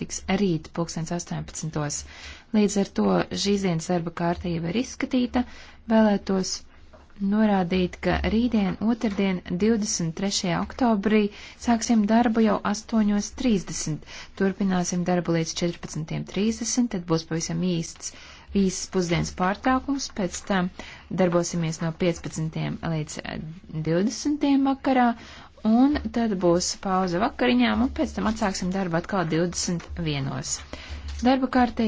notiks rīt 2018. Līdz ar to šīs dienas darba kārtība ir izskatīta. Vēlētos norādīt, ka rītdien, otrdien, 23. oktobrī, sāksim darbu jau 8.30. Turpināsim darbu līdz 14.30, tad būs pavisam īsts, īsts pusdienas pārtraukums, pēc tam darbosimies no 15. līdz 20. vakarā, Un tad būs pauze vakariņām, un pēc tam atsāksim darbu atkal 21. Darba kārtī